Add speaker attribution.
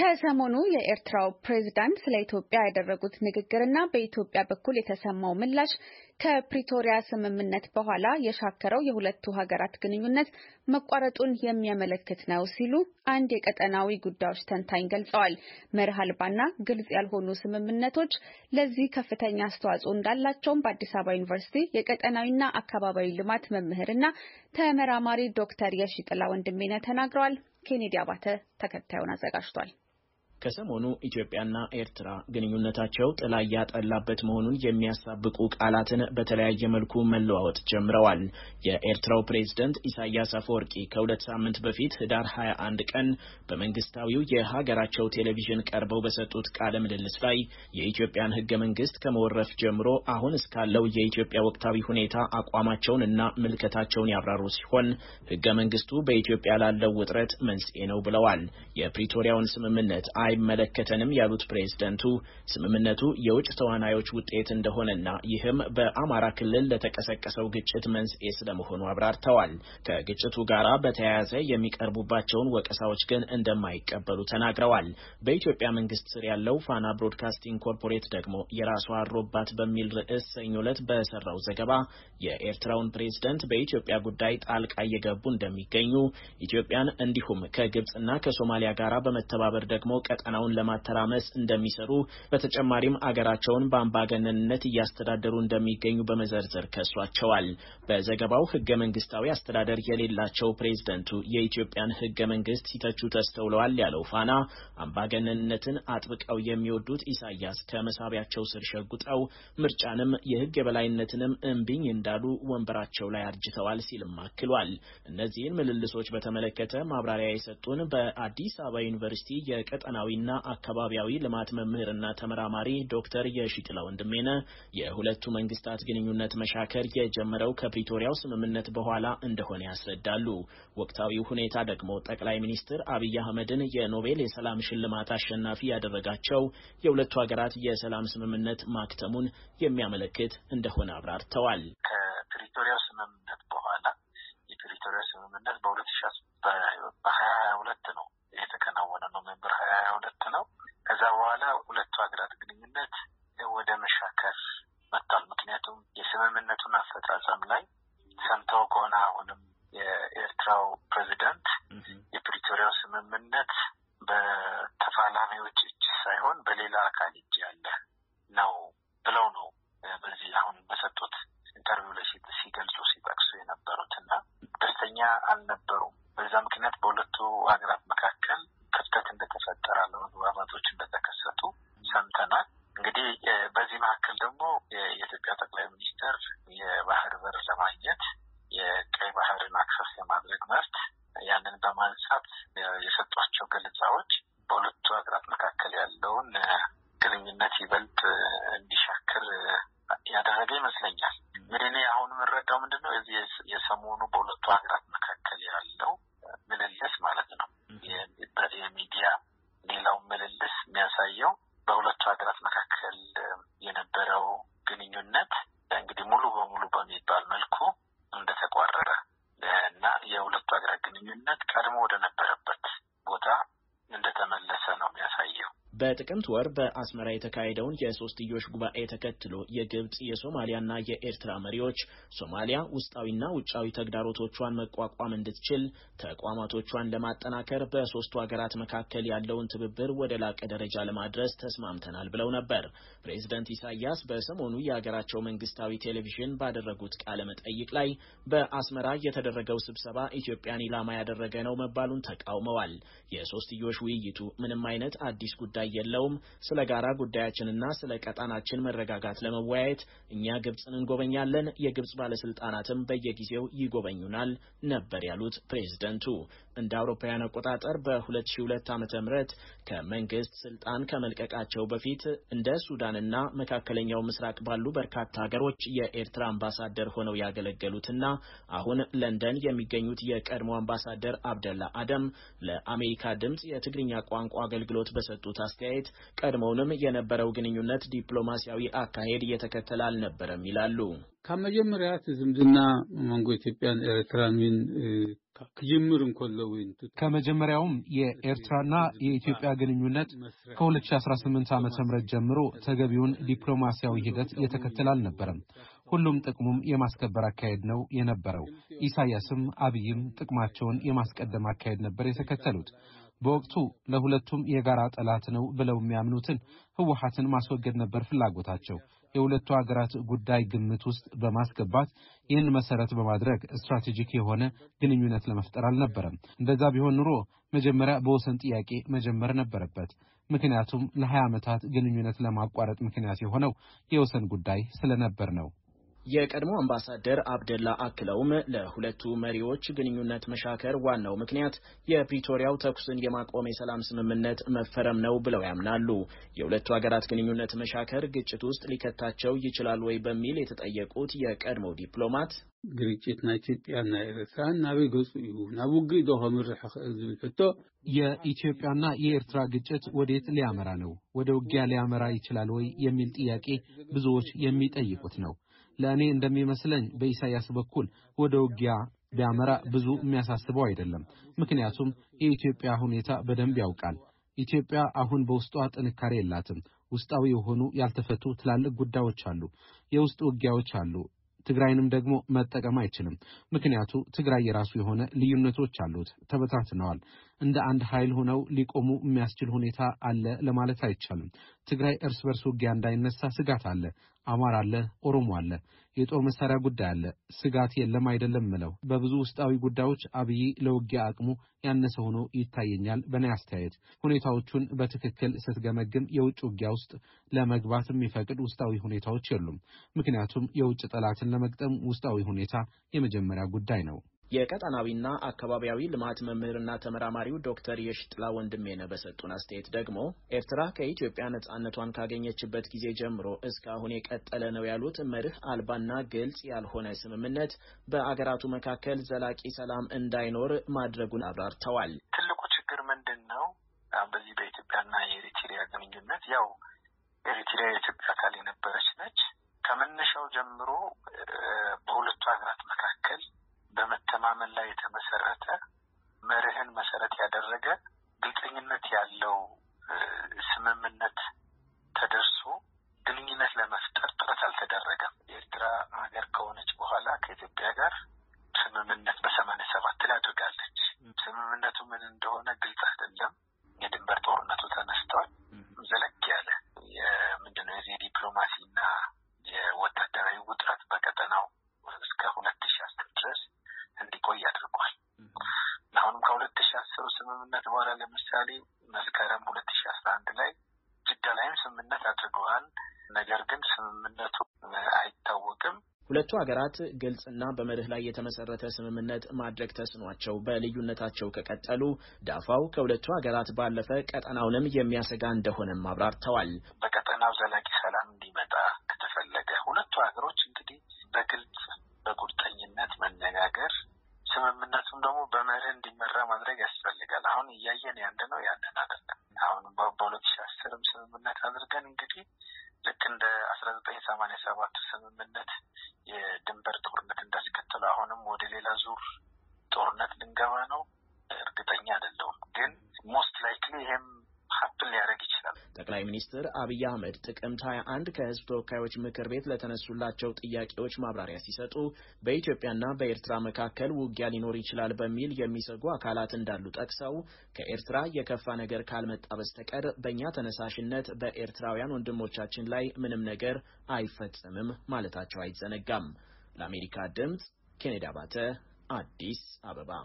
Speaker 1: ከሰሞኑ የኤርትራው ፕሬዝዳንት ስለ ኢትዮጵያ ያደረጉት ንግግርና በኢትዮጵያ በኩል የተሰማው ምላሽ ከፕሪቶሪያ ስምምነት በኋላ የሻከረው የሁለቱ ሀገራት ግንኙነት መቋረጡን የሚያመለክት ነው ሲሉ አንድ የቀጠናዊ ጉዳዮች ተንታኝ ገልጸዋል። መርህ አልባና ግልጽ ያልሆኑ ስምምነቶች ለዚህ ከፍተኛ አስተዋጽኦ እንዳላቸውም በአዲስ አበባ ዩኒቨርሲቲ የቀጠናዊና አካባቢያዊ ልማት መምህርና ተመራማሪ ዶክተር የሺጥላ ወንድሜነ ተናግረዋል። ኬኔዲ አባተ ተከታዩን አዘጋጅቷል።
Speaker 2: ከሰሞኑ ኢትዮጵያና ኤርትራ ግንኙነታቸው ጥላ እያጠላበት መሆኑን የሚያሳብቁ ቃላትን በተለያየ መልኩ መለዋወጥ ጀምረዋል። የኤርትራው ፕሬዝደንት ኢሳያስ አፈወርቂ ከሁለት ሳምንት በፊት ህዳር 21 ቀን በመንግስታዊው የሀገራቸው ቴሌቪዥን ቀርበው በሰጡት ቃለ ምልልስ ላይ የኢትዮጵያን ህገ መንግስት ከመወረፍ ጀምሮ አሁን እስካለው የኢትዮጵያ ወቅታዊ ሁኔታ አቋማቸውን እና ምልከታቸውን ያብራሩ ሲሆን ህገ መንግስቱ በኢትዮጵያ ላለው ውጥረት መንስኤ ነው ብለዋል። የፕሪቶሪያውን ስምምነት አይመለከተንም ያሉት ፕሬዝደንቱ ስምምነቱ የውጭ ተዋናዮች ውጤት እንደሆነና ይህም በአማራ ክልል ለተቀሰቀሰው ግጭት መንስኤ ስለመሆኑ አብራርተዋል። ከግጭቱ ጋራ በተያያዘ የሚቀርቡባቸውን ወቀሳዎች ግን እንደማይቀበሉ ተናግረዋል። በኢትዮጵያ መንግስት ስር ያለው ፋና ብሮድካስቲንግ ኮርፖሬት ደግሞ የራሷ አሮባት በሚል ርዕስ ሰኞ ዕለት በሰራው ዘገባ የኤርትራውን ፕሬዝደንት በኢትዮጵያ ጉዳይ ጣልቃ እየገቡ እንደሚገኙ ኢትዮጵያን እንዲሁም ከግብፅና ከሶማሊያ ጋራ በመተባበር ደግሞ ቀጠናውን ለማተራመስ እንደሚሰሩ በተጨማሪም አገራቸውን በአምባገነንነት እያስተዳደሩ እንደሚገኙ በመዘርዘር ከሷቸዋል። በዘገባው ህገ መንግስታዊ አስተዳደር የሌላቸው ፕሬዝደንቱ የኢትዮጵያን ህገ መንግስት ሲተቹ ተስተውለዋል ያለው ፋና አምባገነንነትን አጥብቀው የሚወዱት ኢሳያስ ከመሳቢያቸው ስር ሸጉጠው ምርጫንም የህግ የበላይነትንም እምቢኝ እንዳሉ ወንበራቸው ላይ አርጅተዋል ሲልም አክሏል። እነዚህን ምልልሶች በተመለከተ ማብራሪያ የሰጡን በአዲስ አበባ ዩኒቨርሲቲ የቀጠናዊ የባህላዊና አካባቢያዊ ልማት መምህርና ተመራማሪ ዶክተር የሺጥላ ወንድሜነ የሁለቱ መንግስታት ግንኙነት መሻከር የጀመረው ከፕሪቶሪያው ስምምነት በኋላ እንደሆነ ያስረዳሉ። ወቅታዊው ሁኔታ ደግሞ ጠቅላይ ሚኒስትር አብይ አህመድን የኖቤል የሰላም ሽልማት አሸናፊ ያደረጋቸው የሁለቱ ሀገራት የሰላም ስምምነት ማክተሙን የሚያመለክት እንደሆነ አብራርተዋል።
Speaker 3: ከፕሪቶሪያው ስምምነት በኋላ የፕሪቶሪያው ስምምነት በሁለት ሺ በሀያ ሁለት ነው የተከናወነ ነው። ሜምበር ሀያ ሁለት ነው። ከዛ በኋላ ሁለቱ ሀገራት ግንኙነት ወደ መሻከር መጥቷል። ምክንያቱም የስምምነቱን አፈጻጸም ላይ ሰምተው ከሆነ አሁንም የኤርትራው ፕሬዚዳንት የፕሪቶሪያው ስምምነት በተፋላሚዎች እጅ ሳይሆን በሌላ አካል እጅ ያለ ነው ብለው ነው በዚህ አሁን በሰጡት ኢንተርቪው ላይ ሲገልጹ ሲጠቅሱ የነበሩት እና ደስተኛ አልነበሩም። በዛ ምክንያት በሁለቱ ሀገራት ለማንሳት የሰጧቸው ገለጻዎች
Speaker 2: በጥቅምት ወር በአስመራ የተካሄደውን የሶስትዮሽ ጉባኤ ተከትሎ የግብፅ የሶማሊያና የኤርትራ መሪዎች ሶማሊያ ውስጣዊና ውጫዊ ተግዳሮቶቿን መቋቋም እንድትችል ተቋማቶቿን ለማጠናከር በሶስቱ ሀገራት መካከል ያለውን ትብብር ወደ ላቀ ደረጃ ለማድረስ ተስማምተናል ብለው ነበር። ፕሬዚደንት ኢሳያስ በሰሞኑ የሀገራቸው መንግስታዊ ቴሌቪዥን ባደረጉት ቃለ መጠይቅ ላይ በአስመራ የተደረገው ስብሰባ ኢትዮጵያን ኢላማ ያደረገ ነው መባሉን ተቃውመዋል። የሶስትዮሽ ውይይቱ ምንም አይነት አዲስ ጉዳይ የለውም። ስለ ጋራ ጉዳያችንና ስለ ቀጣናችን መረጋጋት ለመወያየት እኛ ግብፅን እንጎበኛለን፣ የግብፅ ባለስልጣናትም በየጊዜው ይጎበኙናል ነበር ያሉት ፕሬዝደንቱ። እንደ አውሮፓውያን አቆጣጠር በ2002 ዓ.ም ከመንግስት ስልጣን ከመልቀቃቸው በፊት እንደ ሱዳንና መካከለኛው ምስራቅ ባሉ በርካታ ሀገሮች የኤርትራ አምባሳደር ሆነው ያገለገሉትና አሁን ለንደን የሚገኙት የቀድሞ አምባሳደር አብደላ አደም ለአሜሪካ ድምፅ የትግርኛ ቋንቋ አገልግሎት በሰጡት አስተያየት ቀድሞውንም የነበረው ግንኙነት ዲፕሎማሲያዊ አካሄድ እየተከተለ አልነበረም ይላሉ።
Speaker 1: ካብ መጀመርያ ዝምድና መንጎ ኢትዮጵያን ኤርትራን ከመጀመሪያውም የኤርትራና የኢትዮጵያ ግንኙነት ከ2018 ዓ ም ጀምሮ ተገቢውን ዲፕሎማሲያዊ ሂደት የተከተል አልነበረም። ሁሉም ጥቅሙም የማስከበር አካሄድ ነው የነበረው። ኢሳያስም አብይም ጥቅማቸውን የማስቀደም አካሄድ ነበር የተከተሉት። በወቅቱ ለሁለቱም የጋራ ጠላት ነው ብለው የሚያምኑትን ህወሓትን ማስወገድ ነበር ፍላጎታቸው። የሁለቱ ሀገራት ጉዳይ ግምት ውስጥ በማስገባት ይህን መሰረት በማድረግ ስትራቴጂክ የሆነ ግንኙነት ለመፍጠር አልነበረም። እንደዛ ቢሆን ኑሮ መጀመሪያ በወሰን ጥያቄ መጀመር ነበረበት። ምክንያቱም ለ ዓመታት ግንኙነት ለማቋረጥ ምክንያት የሆነው የወሰን ጉዳይ ስለነበር ነው።
Speaker 2: የቀድሞ አምባሳደር አብደላ አክለውም ለሁለቱ መሪዎች ግንኙነት መሻከር ዋናው ምክንያት የፕሪቶሪያው ተኩስን የማቆም የሰላም ስምምነት መፈረም ነው ብለው ያምናሉ። የሁለቱ ሀገራት ግንኙነት መሻከር ግጭት ውስጥ ሊከታቸው ይችላል ወይ በሚል የተጠየቁት የቀድሞ ዲፕሎማት
Speaker 1: ግርጭት ናይ ኢትዮጵያና ኤርትራ ናበይ ገጹ እዩ ናብ ውግእ ዶ ከምርሕ ክእል ዝብል ሕቶ የኢትዮጵያና የኤርትራ ግጭት ወዴት ሊያመራ ነው? ወደ ውጊያ ሊያመራ ይችላል ወይ የሚል ጥያቄ ብዙዎች የሚጠይቁት ነው። ለእኔ እንደሚመስለኝ በኢሳያስ በኩል ወደ ውጊያ ቢያመራ ብዙ የሚያሳስበው አይደለም። ምክንያቱም የኢትዮጵያ ሁኔታ በደንብ ያውቃል። ኢትዮጵያ አሁን በውስጧ ጥንካሬ የላትም። ውስጣዊ የሆኑ ያልተፈቱ ትላልቅ ጉዳዮች አሉ። የውስጥ ውጊያዎች አሉ። ትግራይንም ደግሞ መጠቀም አይችልም። ምክንያቱ ትግራይ የራሱ የሆነ ልዩነቶች አሉት፣ ተበታትነዋል። እንደ አንድ ኃይል ሆነው ሊቆሙ የሚያስችል ሁኔታ አለ ለማለት አይቻልም። ትግራይ እርስ በርስ ውጊያ እንዳይነሳ ስጋት አለ። አማራ አለ፣ ኦሮሞ አለ፣ የጦር መሳሪያ ጉዳይ አለ። ስጋት የለም አይደለም ምለው በብዙ ውስጣዊ ጉዳዮች አብይ ለውጊያ አቅሙ ያነሰ ሆኖ ይታየኛል። በኔ አስተያየት ሁኔታዎቹን በትክክል ስትገመግም የውጭ ውጊያ ውስጥ ለመግባት የሚፈቅድ ውስጣዊ ሁኔታዎች የሉም። ምክንያቱም የውጭ ጠላትን ለመግጠም ውስጣዊ ሁኔታ የመጀመሪያ ጉዳይ ነው።
Speaker 2: የቀጠናዊና አካባቢያዊ ልማት መምህርና ተመራማሪው ዶክተር የሽጥላ ወንድሜነህ በሰጡን አስተያየት ደግሞ ኤርትራ ከኢትዮጵያ ነጻነቷን ካገኘችበት ጊዜ ጀምሮ እስካሁን የቀጠለ ነው ያሉት መርህ አልባና ግልጽ ያልሆነ ስምምነት በአገራቱ መካከል ዘላቂ ሰላም እንዳይኖር ማድረጉን አብራርተዋል። ትልቁ ችግር ምንድን
Speaker 3: ነው? በዚህ በኢትዮጵያና የኤሪትሪያ ግንኙነት ያው ኤሪትሪያ የኢትዮጵያ አካል የነበረች ነች። ከመነሻው ጀምሮ በሁለቱ ሀገራት መካከል በመተማመን ላይ የተመሰረተ መርህን መሰረት ስምምነት አድርገዋል። ነገር ግን ስምምነቱ
Speaker 2: አይታወቅም። ሁለቱ ሀገራት ግልጽና በመርህ ላይ የተመሰረተ ስምምነት ማድረግ ተስኗቸው በልዩነታቸው ከቀጠሉ ዳፋው ከሁለቱ ሀገራት ባለፈ ቀጠናውንም የሚያሰጋ እንደሆነም አብራርተዋል። በቀጠናው ዘላቂ ሰላም እንዲመጣ
Speaker 3: ዙር ጦርነት ልንገባ ነው እርግጠኛ አይደለሁም። ግን ሞስት ላይክሊ ይሄም ሀፕን
Speaker 2: ሊያደርግ ይችላል። ጠቅላይ ሚኒስትር አብይ አህመድ ጥቅምት 2አንድ ከህዝብ ተወካዮች ምክር ቤት ለተነሱላቸው ጥያቄዎች ማብራሪያ ሲሰጡ በኢትዮጵያና በኤርትራ መካከል ውጊያ ሊኖር ይችላል በሚል የሚሰጉ አካላት እንዳሉ ጠቅሰው ከኤርትራ የከፋ ነገር ካልመጣ በስተቀር በእኛ ተነሳሽነት በኤርትራውያን ወንድሞቻችን ላይ ምንም ነገር አይፈጸምም ማለታቸው አይዘነጋም። ለአሜሪካ ድምጽ ኬኔዲ አባተ አዲስ አበባ